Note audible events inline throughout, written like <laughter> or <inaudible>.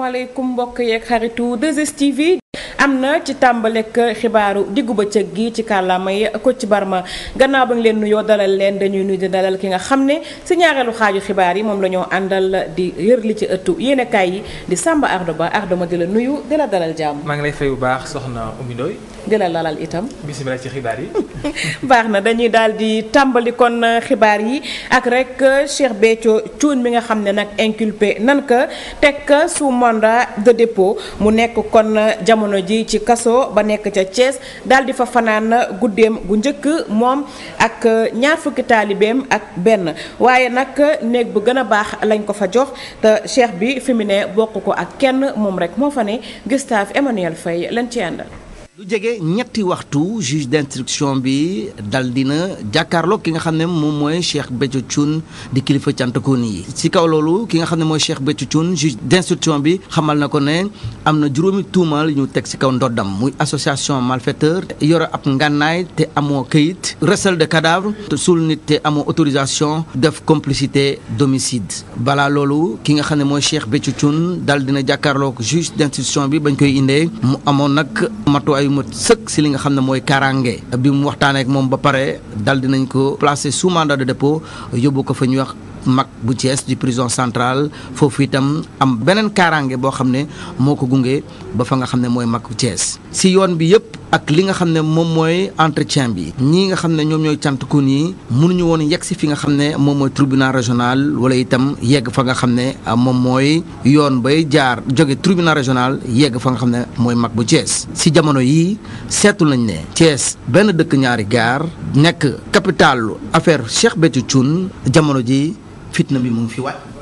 asalaamaaleykum mbokk yeeg xaritu 2STV. am na ci tàmbalek xibaaru diggu bëccëg gi ci kàllaama yi Kocc Barma gannaaw ba nga leen nuyoo dalal leen dañuy nuyu dalal ki nga xam ne si ñaareelu xaaju xibaar yi moom la ñoo àndal di li ci ëttu yéenekaay yi di Samba Ardo Ardo ma di la nuyu di dalal jàmm. maa ngi lay fay bu baax soxna Oumy Ndoye di la lalal itam. bisimilah ci xibaar <laughs> baax na dañuy daal di tàmbali kon xibaar yi ak rek Cheikh Béthio Thioune mi nga xam ne nag inculpé nan ka teg sous mandat de dépôt mu nekk kon jamono ji ci kaso ba nekk ca Thiès daal di fa fanaan guddeem gu njëkk moom ak euh, ñaar fukki taalibeem ak benn waaye nag euh, néeg bu gën a baax lañ ko fa jox te cheikh bi fi mu ne bokk ko ak kenn moom rek moo fa ne Gustave Emmanuel Faye lañ ci àndal lu jege ñetti waxtu juge d'instruction bi dal dina jàkkaarloo ki nga xam ne moom mooy Cheikh Béthio Thioune di kilifa cantakoon yi ci kaw loolu ki nga xam ne mooy Cheikh Béthio Thioune juge d'instruction bi xamal na ko ne am na juróomi tuumal ñu teg ci kaw ndoddam muy association malfaiteur yore ab ngànnaay te amoo kayit recel de cadavre te suul nit te amoo autorisation def complicité d'homicide balaa loolu ki nga xam ne mooy Cheikh Béthio Thioune dal dina jàkkaarloo juge d'instruction bi bañ koy indee amoon nag matuwaay yu mat sëkk si li nga xam ne mooy kaaraange bi mu waxtaaneek moom ba pare dal di dinañ ko placer sous mandat de dépôt yóbbu ko fa ñuy wax mag bu Thiès di prison centrale foofu itam am beneen kaaraange boo xam ne moo ko gunge ba fa nga xam ne mooy mag bu Thiès si yoon bi yëpp ak li nga xam ne moom mooy entretien bi ñii nga xam ne ñoom ñooy cantkun yi mënuñu woon yegg si fi nga xam ne moom mooy tribunal régional wala itam yegg fa nga xam ne ah, moom mooy yoon bay jaar jóge tribunal régional yegg fa nga xam ne mooy mag bu Thiès si jamono yii seetu nañ ne Thiès benn dëkk ñaari gaar nekk capitalu affaire Cheikh Béthio Thioune jamono ji fitna bi mu ngi fi wàcc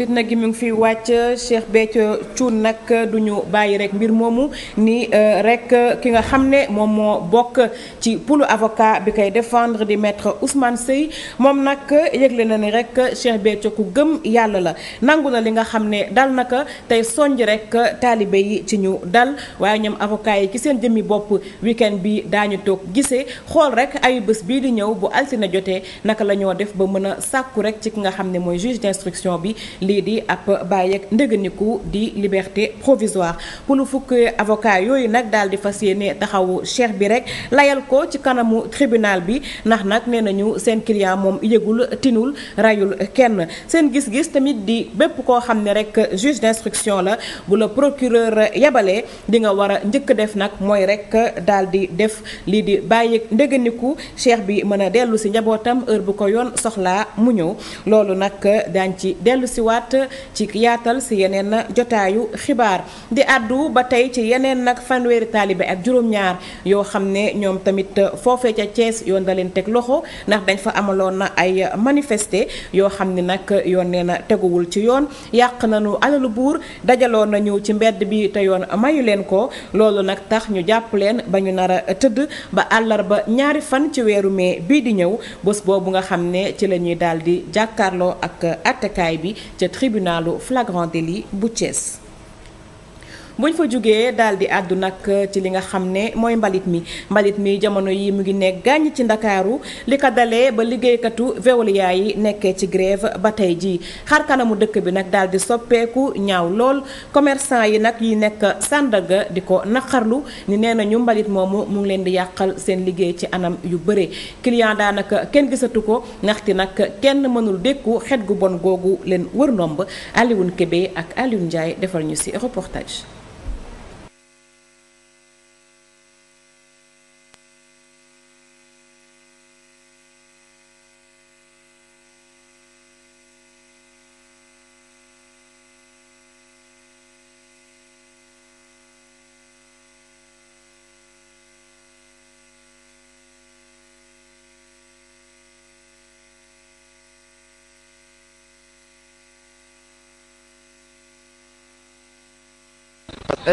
fitna gi mu ngi fi wàcc Cheikh Béthio Thioune nag du ñu bàyyi rek mbir moomu ni euh, rek ki nga xam ne moom moo bokk ci pulu avocat bi koy défendre di maître Ousmane Seye moom nag yëgle na ni rek Cheikh Béthio ku gëm yàlla la nangu na li nga xam ne dal naka tey sonj rek taalibe yi ci ñu dal waaye ñoom avocat yi ci seen jëmmi bopp weekend bi daa ñu toog gisee xool rek ay bés bii di ñëw bu altine jotee naka la ñoo def ba mën a sàkku rek ci ki nga xam ne mooy juge d'instruction bi lii di ab bàyyi ak ndëgëniku di liberté provisoire pour lu fukk avocat yooyu nag daal di fas yéene taxawu cheikh bi rek layal ko ci kanamu tribunal bi ndax nag nee ñu seen client moom yëgul tinul rayul kenn seen gis-gis tamit di bépp koo xam ne rek juge d'instruction la bu la procureur yabalee di nga war a njëkk def nag mooy rek daal di def lii di bàyyi ndëgëniku cheikh bi mën a dellu si njabootam heure bu ko yoon soxlaa mu ñëw loolu nag daañ ci dellu si ñëwaat ci yaatal si yeneen jotaayu xibaar di àddu ba tey ci yeneen nag fanweeri taalibe ak juróom-ñaar yoo xam ne ñoom tamit foofee ca Thiès yoon da leen teg loxo ndax dañ fa amaloon na ay manifeste yoo xam ni nag yoon nee na teguwul ci yoon yàq nañu alalu buur dajaloon nañu ci mbedd bi te yoon mayu leen ko loolu nag tax ñu jàpp leen ba ñu nar a tëdd ba àllarba ñaari fan ci weeru mai bii di ñëw bés boobu nga xam ne ci la ñuy daal di jàkkaarloo ak attekaay bi ca tribunalu flagrante délit bu Thiès. buñ fa jógee daal di àddu nag ci li nga xam ne mooy mbalit mi mbalit mi jamono yi mu ngi nekk gàññ ci ndakaaru li ko dalee ba liggéeykatu Veolia yi nekkee ci grève ba tey jii xar kanamu dëkk bi nag daal di soppeeku ñaaw lool commerçant yi nag yi nekk Sandaga di ko naqarlu ni nee nañu mbalit moomu mu ngi leen di yàqal seen liggéey ci anam yu bëre client daanaka kenn gisatu ko ndaxte nag kenn mënul dékku xet gu bon googu leen wër ndomb Alioune Kébé ak Alioune Ndiaye defal ñu ci reportage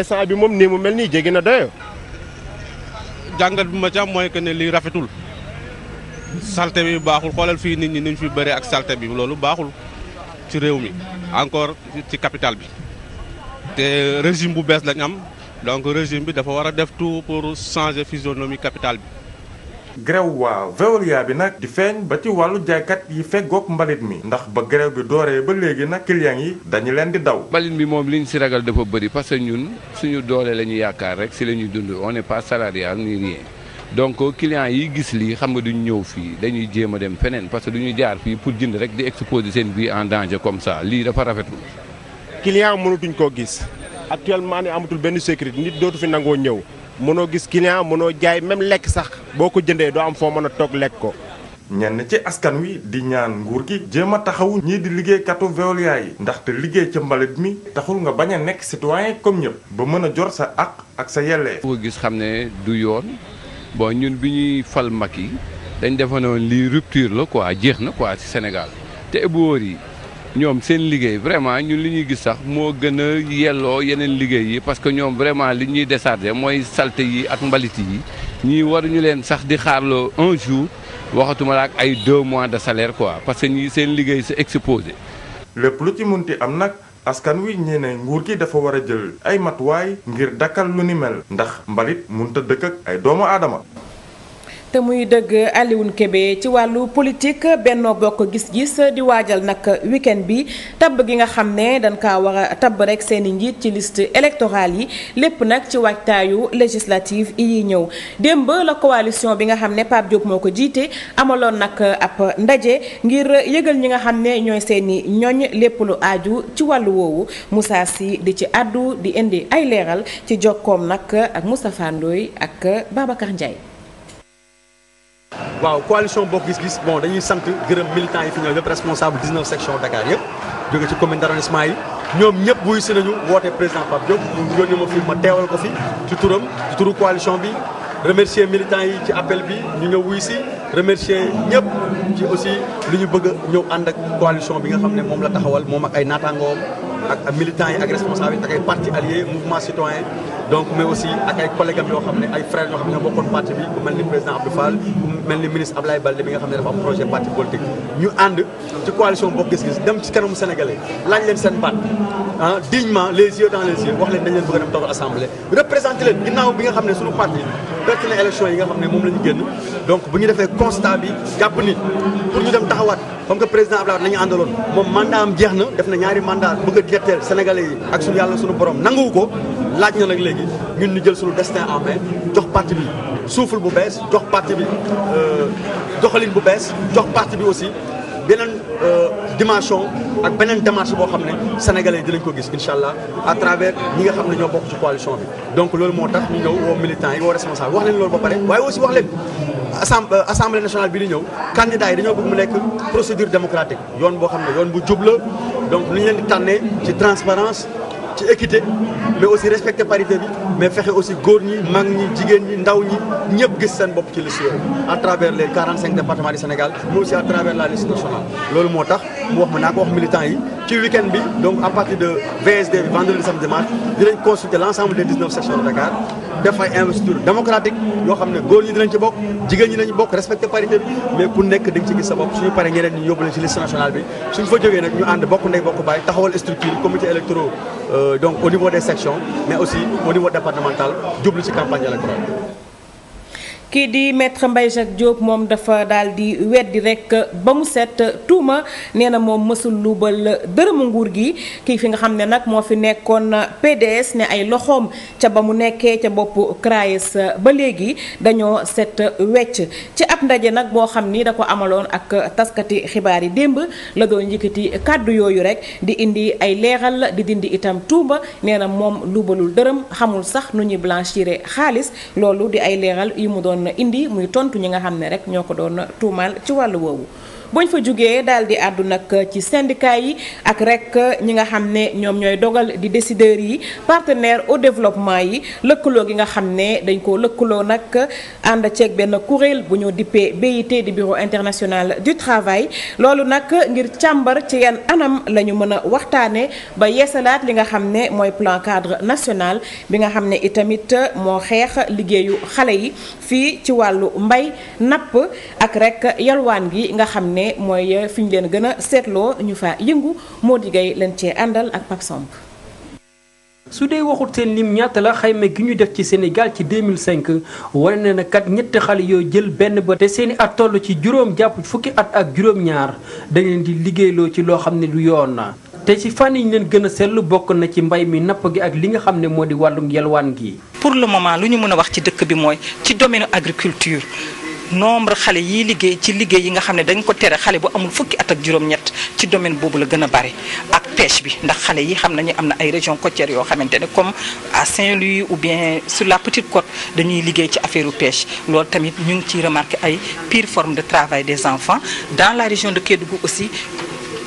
instant bi moom nii mu mel nii jéggi na doyoo. jàngat bi ma ci am mooy que ne lii rafetul salte bi baaxul xoolal fii nit ñi niñ fi bëree ak salte bi loolu baaxul ci réew mi encore ci capital bi te régime bu bees lañ am donc régime bi dafa war a def tout pour changer physionomie capital bi. grève waa Veolia bi nag di feeñ ba ci wàllu jaaykat yi feggoog mbalit mi ndax ba grève bi dooree ba léegi nag clients yi dañu leen di daw mbalit mi moom li ñu si ragal dafa bëri parce que ñun suñu doole la ñu yaakaar rek si la ñuy dund on n'est pas salarial ni rien donc yi gis lii xam nga duñu ñëw fii dañuy jéem a dem feneen parce que duñu jaar fii pour jënd rek di exposer seen vie en danger comme ça lii dafa rafetul client mënatuñ koo gis actuellement ni amatul benn sécurité nit dootu fi nangoo ñëw mënoo gis client mënoo jaay même lekk sax boo ko jëndee doo am foo mën a toog lekk ko. ñenn ci askan wi di ñaan nguur gi jéem a taxawu ñii di liggéeykatu Veolia yi ndaxte liggéey ca mbalit mi taxul nga bañ a nekk citoyen comme ñëpp ba mën a jor sa àq ak sa yelleef. ko gis xam ne du yoon bon ñun bi ñuy fal mag yi dañ defoon lii rupture la quoi jeex na quoi ci Sénégal te éboueur yi. ñoom seen liggéey vraiment ñun li ñuy gis sax moo gën a yelloo yeneen liggéey yi parce que ñoom vraiment li ñuy décharger mooy salte yi ak mbalit yi ñii waruñu leen sax di xaarloo un jour waxatuma la ak ay deux mois de salaire quoi parce que ñii seen liggéey sa exposé. lépp lu ci munti am nag askan wi ñee ne nguur gi dafa war a jël ay matuwaay ngir dakkal lu ni mel ndax mbalit munta dëkk ak ay doomu aadama. te muy dëgg Alioune Kébé ci wàllu politique Benno Bokk Gis-Gis di waajal nag wiken bi tabb gi nga xam ne dañ kaa war a tabb rek seen i njiit ci list électorale yi lépp nag ci waajtaayu législative yi ñëw. démb la coalition bi nga xam ne Pape Diop moo ko jiite amaloon nag ab ndaje ngir yëgal ñi nga xam ne ñooy seeni i ñoñ lépp lu aaju ci wàllu woowu Moussa si di ci addu di indi ay leeral ci jokkoom nag ak Moustapha Ndoye ak Babacar Ndiaye. waaw coalition bokk gis-gis bon dañuy sant gërëm militants yi fi ñëw yëpp responsable 19 section Dakar yëpp jóge ci commune d'arrondissement yi ñoom ñëpp buy si nañu woote président Pape Diop yónni ma fi ma teewal ko fi ci turam ci turu coalition bi remercier militants yi ci appel bi ñu ñëw wuy si remercier ñëpp ci aussi li ñu bëgg a ñëw ànd ak coalition bi nga xam ne moom la taxawal moom ak ay naataangoom ak yi ak responsable yi ak ay partis alliés mouvement citoyen donc mais aussi ak ay collègues am yoo xam ne ay frères yoo xam ne ñoo bokkoon parti bi mel ni président Abdou Fall mel ni ministre Ablaye Baldé bi nga xam ne dafa am projet parti politique ñu ànd ci coalition Bokk Gis dem ci kanamu sénégalais laaj leen seen baat ah dignement les yeux dans les yeux wax leen dañ leen bëgg a dem représenté leen ginnaaw bi nga xam ne suñu parti perte na élection yi nga xam ne moom la ñu génn donc bu ñu defee constat bi jàpp ni pour ñu dem taxawaat comme que président Abdoulaye nañu àndaloon moom mandat am jeex na def na ñaari mandat bëgg a jetteel sénégalais yi ak suñu yàlla suñu borom nanguwu ko laaj na nag léegi ñun ñu jël suñu destin en main jox parti bi souffle bu bees jox parti bi euh, doxalin bu bees jox parti bi aussi beneen euh, dimension ak beneen démarche boo xam ne sénégalais dinañ ko gis incha allah à travers ñi nga xam ne ñoo bokk ci coalition bi. donc loolu moo tax ñu ñëw woo militants yi woo responsable wax loolu ba pare waaye aussi wax leen euh, assemblée nationale bi di ñëw candidats yi dañoo bëgg mu nekk procédure démocratique yoon boo xam ne yoon bu jub la donc li ñu leen di tànnee ci transparence ci équité mais aussi respecté parité bi mais fexe aussi góor ñi mag ñi jigéen ñi ndaw ñi ñëpp gis seen bopp ci liste à travers les 45 départements du Sénégal mais aussi à travers la liste nationale loolu moo tax mu wax ma naa ko wax militant yi ci week bi donc à partir de VSD bi vendredi samedi dimanche dinañ consulter l' ensemble des 19 sections de Dakar def ay investiture démocratique yoo xam ne góor ñi dinañ ci bokk jigéen ñi dinañ bokk respecté parité bi mais ku nekk dañ ci gis sa suñu paree ñeneen ñu yóbbu leen ci liste nationale bi suñ fa jógee nag ñu ànd bokk ndey bokk bàyyi taxawal structure comité électoraux euh, donc au niveau des sections mais aussi au niveau départemental jublu ci campagne électorale kii di maître Mbaye Jacques Diop moom dafa daal di weddi rekk ba mu set tuuma nee na moom mësul luubal dërëmu nguur gi kii fi nga xam ne nag moo fi nekkoon PDS ne ay loxoom ca ba mu nekkee ca bopp CRAES ba léegi dañoo set wecc ci ab ndaje nag boo xam ni da ko amaloon ak taskati xibaar yi démb la doon yëkkati kàddu yooyu rek di indi ay leexal di dindi itam tuuma nee na moom luubalul dërëm xamul sax nu ñuy blanchir xaalis loolu di ay leeral yu mu doon na indi muy tontu ñi nga xam ne rek ñoo ko doon tuumaal ci wàllu woowu. bañ fa jógee daal di àddu nag ci syndicat yi ak rek ñi nga xam ne ñoom ñooy dogal di décideurs yi partenaire au développement yi lëkkaloo gi nga xam ne dañ koo lëkkaloo nag ànd ceeg benn kuréel bu ñu dippee BIT di bureau international du travail loolu nag ngir càmbar ci yan anam la ñu mën a waxtaanee ba yeesalaat li nga xam ne mooy plan cadre national bi nga xam ne itamit moo xeex liggéeyu xale yi fii ci wàllu mbay napp ak rek yalwaan gi nga ne mooy fi ñu gën a seetloo ñu fa yëngu moo di leen cee àndal ak Pape Samb su dee waxut seen lim ñaata la xayma gi ñu def ci Sénégal ci 2005 wane na ne kat ñetti xale yoo jël benn ba te seen i at toll ci juróom jàpp fukki at ak juróom-ñaar dañ leen di liggéeyloo ci loo xam ne du yoon na te ci fànn yi leen gën a seetlu bokk na ci mbay mi napp gi ak li nga xam ne moo di wàllu yalwaan gi. pour le moment lu ñu mën a wax ci dëkk bi mooy ci domaine agriculture nombre xale yiy liggéey ci liggéey yi nga xam ne dañ ko tere xale bu amul fukki at ak juróom-ñett ci domaine boobu la gën a bari ak pêche bi ndax xale yi xam nañu am na ay région côtières yoo xamante ne comme à Saint-Louis ou bien sur la petite cote dañuy liggéey ci affaire pêche lool tamit ñu ngi ciy remarqué ay pire forme de travail des enfants dans la région de Kédougou aussi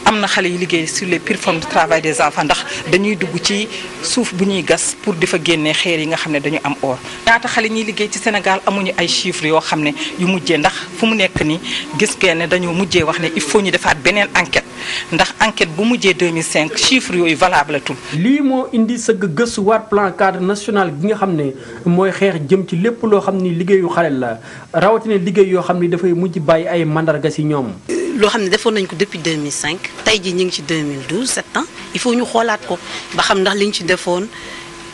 am na xale yu liggéey sur les plateformes de des enfants dañuy dugg ci suuf bu ñuy gas pour di fa génnee xeer yi nga xam ne dañu am or. ñaata xale ñuy liggéey ci Sénégal amuñu ay chiffres yoo xam ne yu mujjee ndax fu mu nekk nii gis ngeen ne dañoo mujjee wax ne il faut ñu defaat beneen enquête ndax enquête bu mujjee 2005 chiffres yooyu valable tul. lii moo indi sëgg gëstuwaat plan cadre national bi nga xam ne mooy xeex jëm ci lépp loo xam ni liggéeyu xale la rawatina liggéey yoo xam ni dafay mujj bàyyi ay mandarga si ñoom. loo xam ne defoon nañ ko depuis 2005 tey jii ñu ngi ci 2012 7 ans il faut ñu xoolaat ko ba xam ndax li ñu ci defoon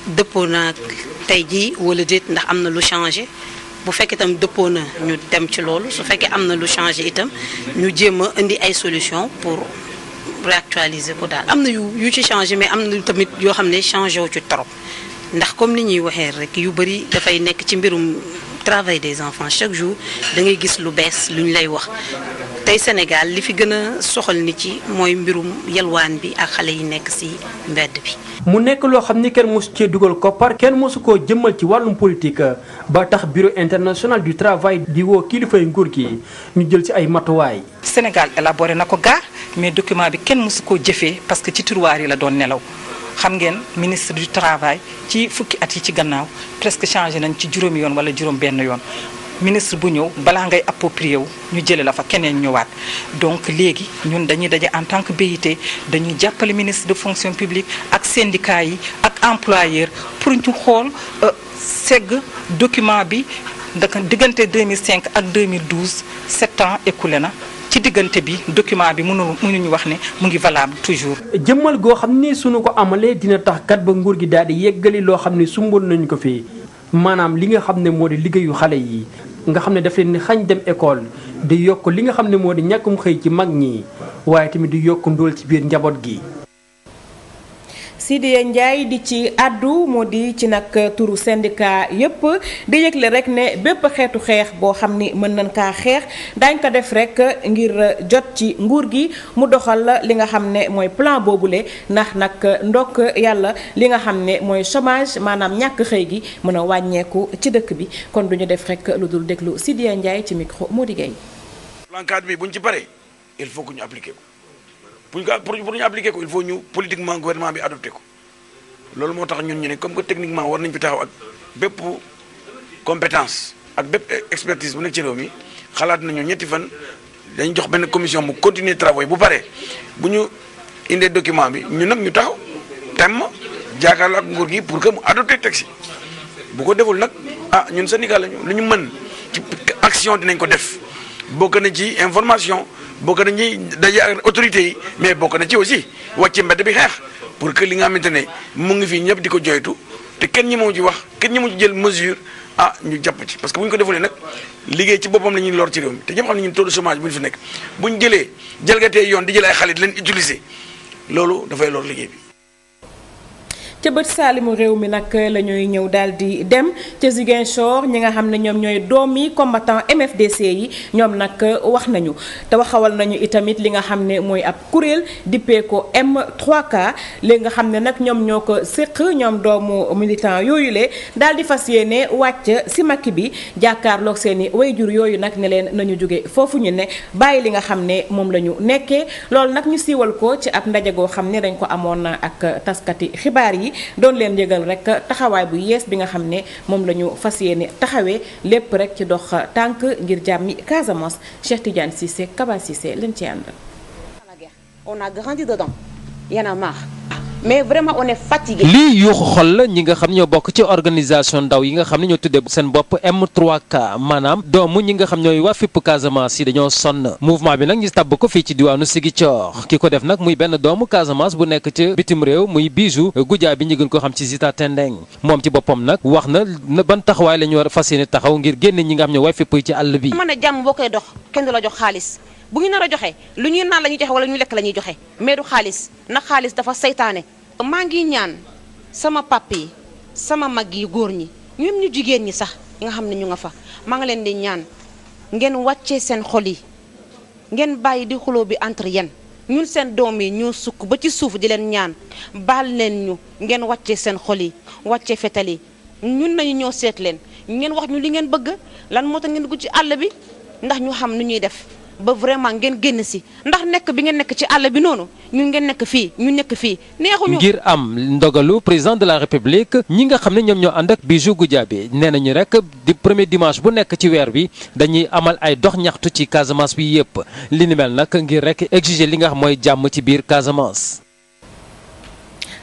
dëppoon na tey jii wala déet ndax am na lu changé bu fekkee itam dëppoon na ñu dem ci loolu su fekkee am na lu changé itam ñu jéem a indi ay solution pour réactualiser ko daal. am na yu yu ci changé mais am na tamit yoo xam ne changé wu ci trop ndax comme ni ñuy waxee rek yu bëri dafay nekk ci mbirum travail des enfants chaque jour da ngay gis lu bees lu ñu lay wax. tey Sénégal li fi gën a soxal ni ci mooy mbirum yalwaan bi ak xale yi nekk ci mbedd bi. mu nekk loo xam ni kenn mosu cee dugal koppar kenn mosu koo jëmmal ci wàllum politique ba tax bureau international du travail di woo kilifay nguur gi ñu jël ci ay matuwaay. Sénégal élaboré na ko gaar mais document bi kenn mosu koo jëfee parce que ci tiroir yi la doon nelaw. xam ngeen ministre du travail ci fukki at yi ci gannaaw presque changé nañ ci juróom yoon wala juróom yoon ministre bu ñëw balaa ngay approprier wu ñu jëlee la fa keneen ñëwaat donc léegi ñun dañuy daje en tant que BIT dañuy jàppale ministre de fonction publique ak syndicat yi ak employeur pour ñu xool euh, segg document bi ndaka diggante 2005 ak 2012 sept ans écoulé na ci diggante bi document bi mënu mënuñu wax ne mu ngi valable toujours. jëmmal goo xam ne suñu ko amalee dina tax kat ba nguur gi daal di yeggali loo xam ne sumboon nañu ko fii maanaam li nga xam ne moo di liggéeyu xale yi nga xam ne daf leen ni xañ dem école di yokk li nga xam ne moo di ñàkkum xëy ci mag ñi waaye tamit di yokk ndóol ci biir njaboot gi Sidya Ndiaye di ci àddu moo di ci nag turu syndicat yépp di yëgle rek ne bépp xeetu xeex boo xam ni mën nañ kaa xeex dañ ko def rek ngir jot ci nguur gi mu doxal li nga xam ne mooy plan boobule ndax nag ndokk yàlla li nga xam ne mooy chômage maanaam ñàkk xëy gi mën a wàññeeku ci dëkk bi kon duñu def rek lu dul déglu Sidya Ndiaye ci micro moo Gueye. plan cadre bi ci paree il faut ñu appliquer ko. pour ñu pour ñu appliquer ko il faut ñu politiquement gouvernement bi adopté ko loolu moo tax ñun ñu ne comme que techniquement war nañu fi taxaw ak bépp compétence ak bépp expertise bu nekk ci réew mi xalaat nañu ñetti fan dañu jox benn commission mu continuer travaux bu paree bu ñu indee document bi ñu nag ñu taxaw temm jaakaarloo ak nguur gi pour que mu adopté texte yi bu ko deful nag ah ñun syndicat lañu lu ñu mën ci action dinañ ko def bokk na ji information. bokk na ñi daje ak yi mais bokk na ci aussi wàcc mbedd bi xeex pour que li nga xamante ne mu ngi fii ñëpp di ko joytu te kenn ñi moo ci wax kenn ñi moo ci jël mesure ah ñu jàpp ci parce que bu ñu ko defulee nag liggéey ci boppam la ñuy lor ci réew mi te ñëpp xam ne ñun taux de chômage bu ñu fi nekk bu ñu jëlee jalgatee yoon di jël ay xale di leen utiliser loolu dafay lor liggéey bi ca bët saalimu réew mi nag la ñuy ñëw daal di dem ca Ziguinchor ñi nga xam ne ñoom ñooy doomi combattant MFDC yi ñoom nag wax nañu te waxawal nañu itamit li nga xam ne mooy ab kuréel dippee ko M3K li nga xam ne nag ñoom ñoo ko séq ñoom doomu militant yooyu le daal di fas ne wàcc si makki bi jàkkaarloog seen i wayjur yooyu nag ne leen nañu jóge foofu ñu ne bàyyi li nga xam ne moom la ñu nekkee loolu nag ñu siiwal ko ci ab ndaje goo xam ne dañ ko amoon ak taskati xibaar yi yi doon leen yëgal rek taxawaay bu yees bi nga xam ne moom la ñu fas yéene taxawee lépp rek ci dox tànk ngir jàmmi Casamance Cheikh Tidiane Cissé Kaba lañ ci àndal. on a grandi mais vraiment on est fatigué. lii yuuxu xol la ñi nga xam ñoo bokk ci organisation ndaw yi nga xam ne ñoo tuddee seen bopp M3K maanaam doomu ñi nga xam ñooy waa fipp Casamance yi dañoo sonn mouvement bi nag ñi tàbb ko fii ci diwaanu Ziguinchor ki ko def nag muy benn doomu Casamance bu nekk ci bitim réew muy Bijou Goudia bi ñu gën ko xam ci Zita Tendeng moom ci boppam nag wax na ban taxawaay la ñu war a fas yéene taxaw ngir génne ñi nga xam ne waa fipp ci àll bi. mën a jàmm koy dox kenn la jox xaalis. bu ñu nar a joxee lu ñuy naan la ñuy joxe wala ñu lekk la ñuy joxe mais du xaalis ndax xaalis dafa saytaane. maa ngi ñaan sama pàpp yi sama mag yi góor ñi ñoom ñu jigéen ñi sax nga xam ne ñu nga fa maa ngi leen di ñaan ngeen wàccee seen xol yi ngeen bàyyi di xuloo bi entre yéen ñun seen doom yi ñoo sukk ba ci suuf di leen ñaan baal leen ñu ngeen wàccee seen xol yi wàccee fetal yi ñun nañu ñoo seet leen ngeen wax ñu li ngeen bëgg lan moo tax ngeen dugg ci àll bi ndax ñu xam nu ñuy def. ba vraiment ngeen génn si ndax nekk bi ngeen nekk ci àll bi noonu ñun ngeen nekk fii ñu nekk fii neexuñu. ngir am ndogalu président de la république ñi nga xam ne ñoom ñoo ànd ak Bijou Goudiaby nee nañu rek di premier dimanche bu nekk ci weer bi dañuy amal ay dox ñaxtu ci Casamance bi yëpp li ni mel nag ngir rek exiger li nga xam mooy jàmm ci biir Casamance.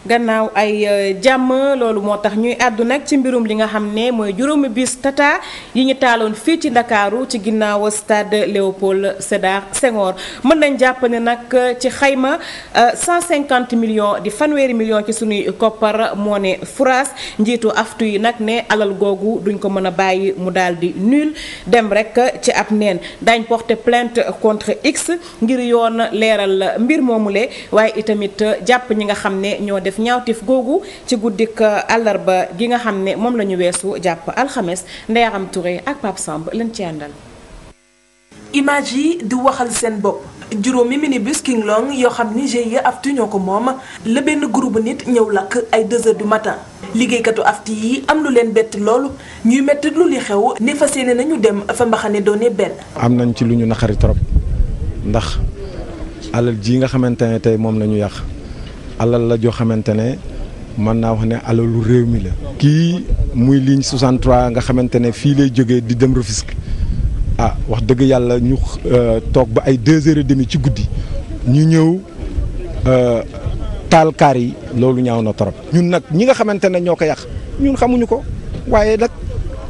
gannaaw ay euh, jàmm loolu moo tax ñuy àddu nag ci mbirum li nga xam ne mooy juróomi bis tata yi ñu taaloon fii ci ndakaaru ci ginnaaw stade Léopold Sédar Senghor mën nañ jàpp ne nag euh, ci xayma 150 euh, millions di fanweeri millions ci suñuy koppar moo ne furaas njiitu aftu yi nag ne alal googu duñ ko mën a bàyyi mu daal di nul dem rek ci ab neen daañ porter plainte contre X ngir yoon leeral mbir moomule waaye itamit jàpp ñi nga xam ne ñoo def def googu ci guddik euh, àllarba gi nga xam ne moom la weesu jàpp alxames Ndeyaram Touré ak Pape Samb leen ci image yi di waxal seen bopp juróomi minibus King Long yoo xam ni GIE AFTU ñoo ko moom la benn groupe nit ñëw lakk ay 2 heures du matin liggéeykatu AFTU yi am lu leen bett loolu ñuy metti lu li xew ne fas yéene nañu dem fa mbaxane doone benn. am nañ ci lu ñu naqari torop ndax alal ji nga xamante ne tey moom la ñu yàq. alal la joo xamante ne mën naa wax ne alalu réew mi la. kii muy ligne 63 nga xamante ne fii lay jógee di dem Rufisque ah wax dëgg yàlla ñu euh, toog ba ay deux heures et ci guddi ñu ñëw euh, taal kaar yi loolu ñaaw na trop. ñun nag ñi nga xamante ne ñoo ko yàq ñun xamuñu ko waaye nag.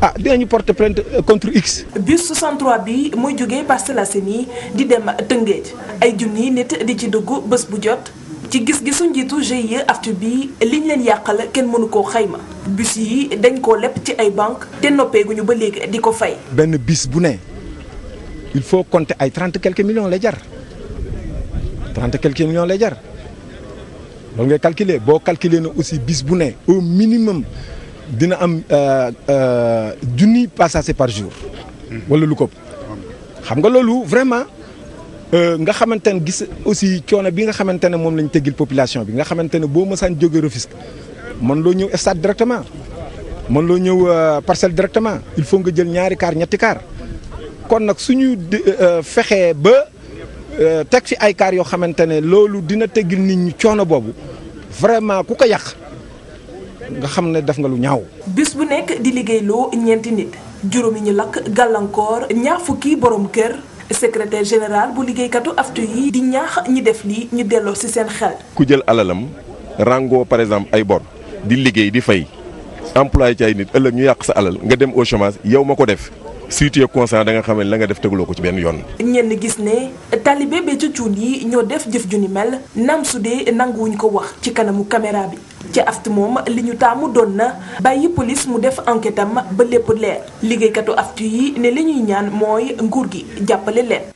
ah dinañu porter plainte euh, contre X. bus 63 bi mooy jógee Parcelles Assainies di dem Tëngéej ay junniy nit di ci dugg bés bu jot. ci gis-gisu njiitu GIE aftu bi liñ leen yàqal kenn mënu koo xayma bis yi dañ koo lepp ci ay banque te ñu ba léegi di ko fay. benn bis bu ne il faut compter ay trente quelques millions lay jar trente quelques millions lay jar loolu ngay calculer boo calculer na aussi bis bu ne au minimum dina am euh, euh, junni passager par jour. wala lu ko xam nga loolu vraiment. Euh, nga xamante ne gis aussi coono bi nga xamante ne moom lañ teggil population bi nga xamante ne boo mësaan jóge Rufisque man loo ñëw stade directement mën loo ñëw euh, parcelle directement il faut nga jël ñaari kaar ñetti kaar kon nag suñu euh, fexee ba teg fi ay kaar yoo xamante ne loolu dina teggil nit ñi coono boobu vraiment ku ko yàq nga xam ne def nga lu ñaaw. bis bu nekk di liggéeyloo ñeenti nit juróomi ñu lakk gàllankoor ñaar fukki borom kër. secrétaire général bu liggéeykatu aftu yi di ñaax ñi def lii ñu delloo ci seen xel. ku jël alalam rango par exemple ay bor di liggéey di fay employé ci ay nit ëllëg ñu yàq sa alal nga dem au chômage yow ma ko def. surtout constant da nga xam ne la nga def tegloo ko ci benn yoon. ñenn gis ne talibé Béthio Thioune yi ñoo def jëf ju ni mel naam su dee nanguwuñ ko wax ci kanamu caméra bi ci aft moom li ñu tàmm doon na bàyyi police mu def enquête am ba lépp leer liggéeykatu aft yi ne li ñuy ñaan mooy nguur gi jàppale leen.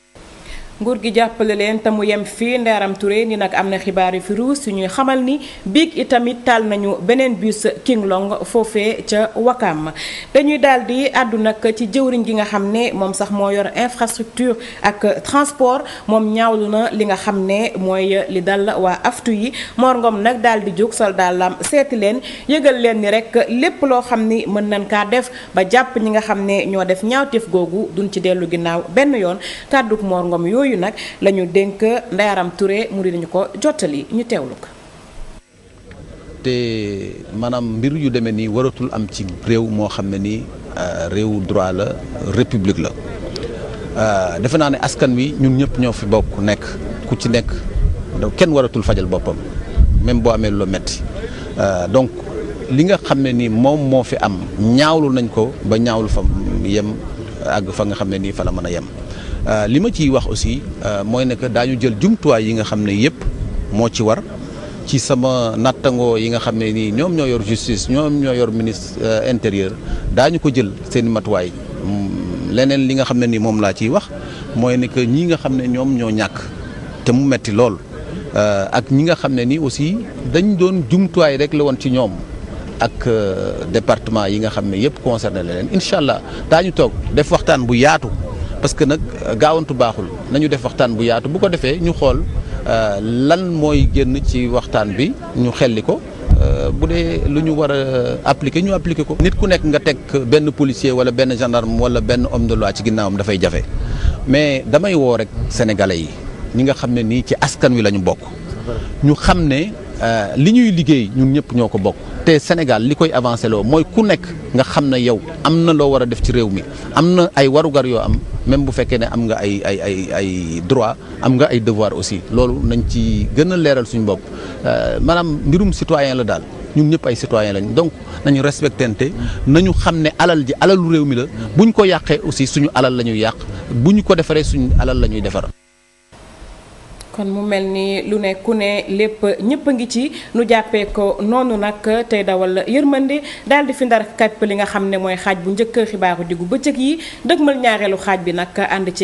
nguur gi jàppale leen te mu yem fi Ndeeram Touré ni nag am na xibaar yu fi ruus yu ñuy xamal ni biig itamit taal nañu beneen bus King Long foofee ca Wakam dañuy daal di àddu nag ci jëwriñ gi nga xam ne moom sax moo yor infrastructure ak transport moom ñaawlu na li nga xam ne mooy li dal waa aftu yi Mor nag daal di jóg sol daalam seeti leen yëgal leen ni rek lépp loo xam ni mën nañ kaa def ba jàpp ñi nga xam ne ñoo def ñaawteef googu duñ ci dellu ginnaaw benn yoon yooyu nag la dénk Ndayaram Touré mu di nañu ko jottali ñu teewlu ko. te maanaam mbir yu demee nii waratul am ci réew moo xam ne nii euh, réewu droit la république la euh, defe naa ne askan wi ñun ñëpp ñoo fi bokk nekk ku ci nekk kenn waratul fajal boppam même boo amee lu metti euh, donc li nga xam ne nii moom moo fi am ñaawlu nañ ko ba ñaawlu fa yem àgg fa nga xam ne nii fa la mën a yem. Euh, li ma ciy wax aussi euh, mooy ne daañu jël jumtuwaay yi nga xam ne yëpp moo ci war ci sama nattangoo yi nga xam ne nii ñoom ñoo yor justice ñoom ñoo yor ministre euh, intérieur daañu ko jël seen matuwaay mm, leneen li nga xam ne nii moom laa ciy wax mooy ne que ñi nga xam ne ñoom ñoo ñàkk te mu metti lool ak ñi nga xam ne nii aussi dañ doon jumtuwaay rek la woon ci ñoom ak département yi nga xam ne yëpp concerné la leen incha allah daañu toog def waxtaan bu yaatu parce que nag euh, gaawantu baaxul nañu def waxtaan bu yaatu bu ko defee ñu xool euh, lan mooy génn ci waxtaan bi ñu xelli ko euh, bu dee lu ñu war a appliquer ñu appliquer ko. nit ku nekk nga teg benn policier wala benn gendarme wala benn homme de loi ci ginnaawam dafay jafe mais damay woo rek sénégalais yi ñi nga xam ne nii ci askan wi la ñu bokk ñu xam ne. Euh, li ñuy liggéey ñun ñëpp ñoo ko bokk te Sénégal li koy avancé loo mooy ku nekk nga xam ne yow am na loo war a def ci réew mi am na ay warugar yoo am même bu fekkee ne am nga ay ay ay ay droit am nga ay devoir aussi loolu nañ ci gën a leeral suñu bopp euh, maanaam mbirum citoyen la daal ñun ñëpp ay citoyen lañ donc nañu respectante nañu xam ne alal ji alalu réew mi la bu ñu ko yàqee aussi suñu alal la ñuy yàq bu ñu ko defaree suñu alal la ñuy defar kon mu mel ni lu ne ku ne lépp ñëpp a ngi ci nu jàppee ko noonu nag tey dawal yërmande daal di fi ndar kàpp li nga xam ne mooy xaaj bu njëkk xibaaru diggu ba bëccëg yi mal ñaareelu xaaj bi nag ànd ci.